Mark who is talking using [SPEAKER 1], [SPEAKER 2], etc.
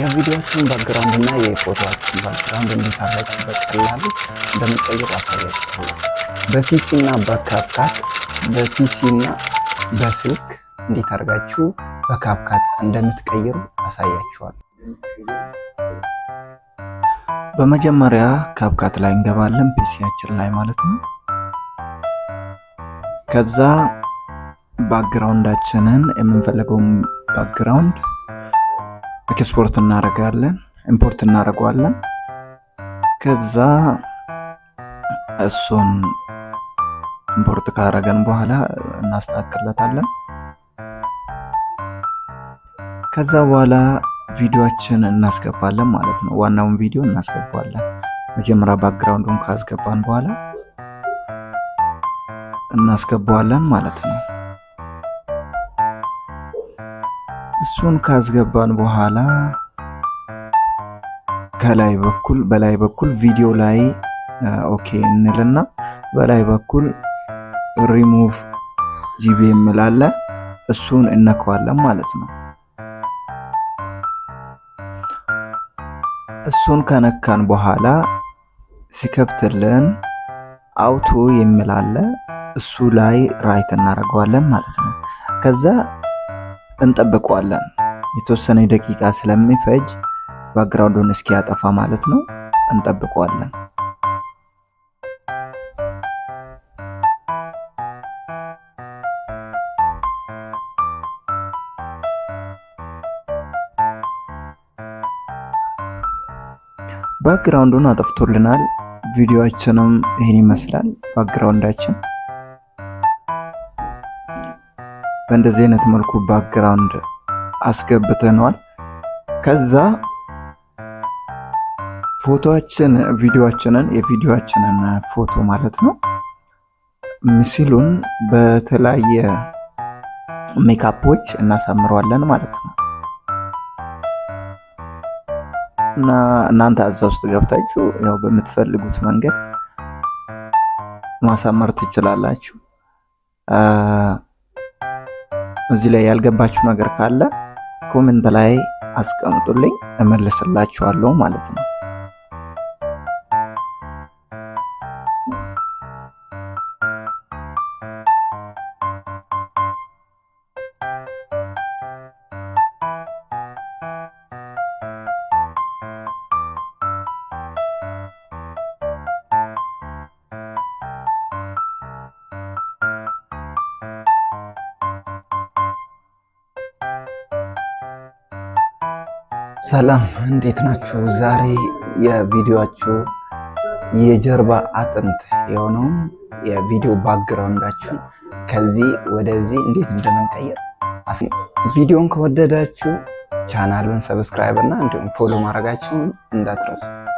[SPEAKER 1] የቪዲዮችን ባክግራውንድ እና የፎቶዎችን ባክግራውንድ እንዲታረቁ በቀላሉ እንደምትቀይሩ አሳያችኋለሁ። በፒሲ እና በካፕካት በፒሲ እና በስልክ እንዴት አድርጋችሁ በካፕካት እንደምትቀይሩ አሳያችኋል።
[SPEAKER 2] በመጀመሪያ ካፕካት ላይ እንገባለን፣ ፒሲያችን ላይ ማለት ነው። ከዛ ባክግራውንዳችንን የምንፈልገውን ባክግራውንድ ኤክስፖርት እናደርጋለን፣ ኢምፖርት እናደርገዋለን። ከዛ እሱን ኢምፖርት ካደረገን በኋላ እናስተካክለታለን። ከዛ በኋላ ቪዲዮችን እናስገባለን ማለት ነው። ዋናውን ቪዲዮ እናስገባለን። መጀመሪያ ባክግራውንዱን ካስገባን በኋላ እናስገባዋለን ማለት ነው። እሱን ካስገባን በኋላ ከላይ በኩል በላይ በኩል ቪዲዮ ላይ ኦኬ እንልና በላይ በኩል ሪሙቭ ጂቢ የምላለ እሱን እነከዋለን ማለት ነው። እሱን ከነካን በኋላ ሲከፍትልን አውቶ የሚላለ እሱ ላይ ራይት እናደርገዋለን ማለት ነው ከዛ እንጠብቀዋለን። የተወሰነ ደቂቃ ስለሚፈጅ ባክግራውንዱን እስኪያጠፋ ማለት ነው። እንጠብቀዋለን። ባክግራውንዱን አጠፍቶልናል። ቪዲዮአችንም ይህን ይመስላል ባክግራውንዳችን በእንደዚህ አይነት መልኩ ባክግራውንድ አስገብተነዋል። ከዛ ፎቶችን ቪዲዮችንን የቪዲዮችንን ፎቶ ማለት ነው ምስሉን በተለያየ ሜካፖች እናሳምረዋለን ማለት ነው። እና እናንተ እዛ ውስጥ ገብታችሁ ያው በምትፈልጉት መንገድ ማሳመር ትችላላችሁ። እዚህ ላይ ያልገባችሁ ነገር ካለ ኮሜንት ላይ አስቀምጡልኝ እመልስላችኋለሁ ማለት ነው። ሰላም እንዴት ናችሁ? ዛሬ የቪዲዮችሁ የጀርባ አጥንት የሆነውን የቪዲዮ ባክግራውንዳችሁን ከዚህ ወደዚህ እንዴት እንደምንቀየር ቪዲዮን ከወደዳችሁ ቻናሉን ሰብስክራይብ እና እንዲሁም ፎሎ ማድረጋችሁን እንዳትረሱ።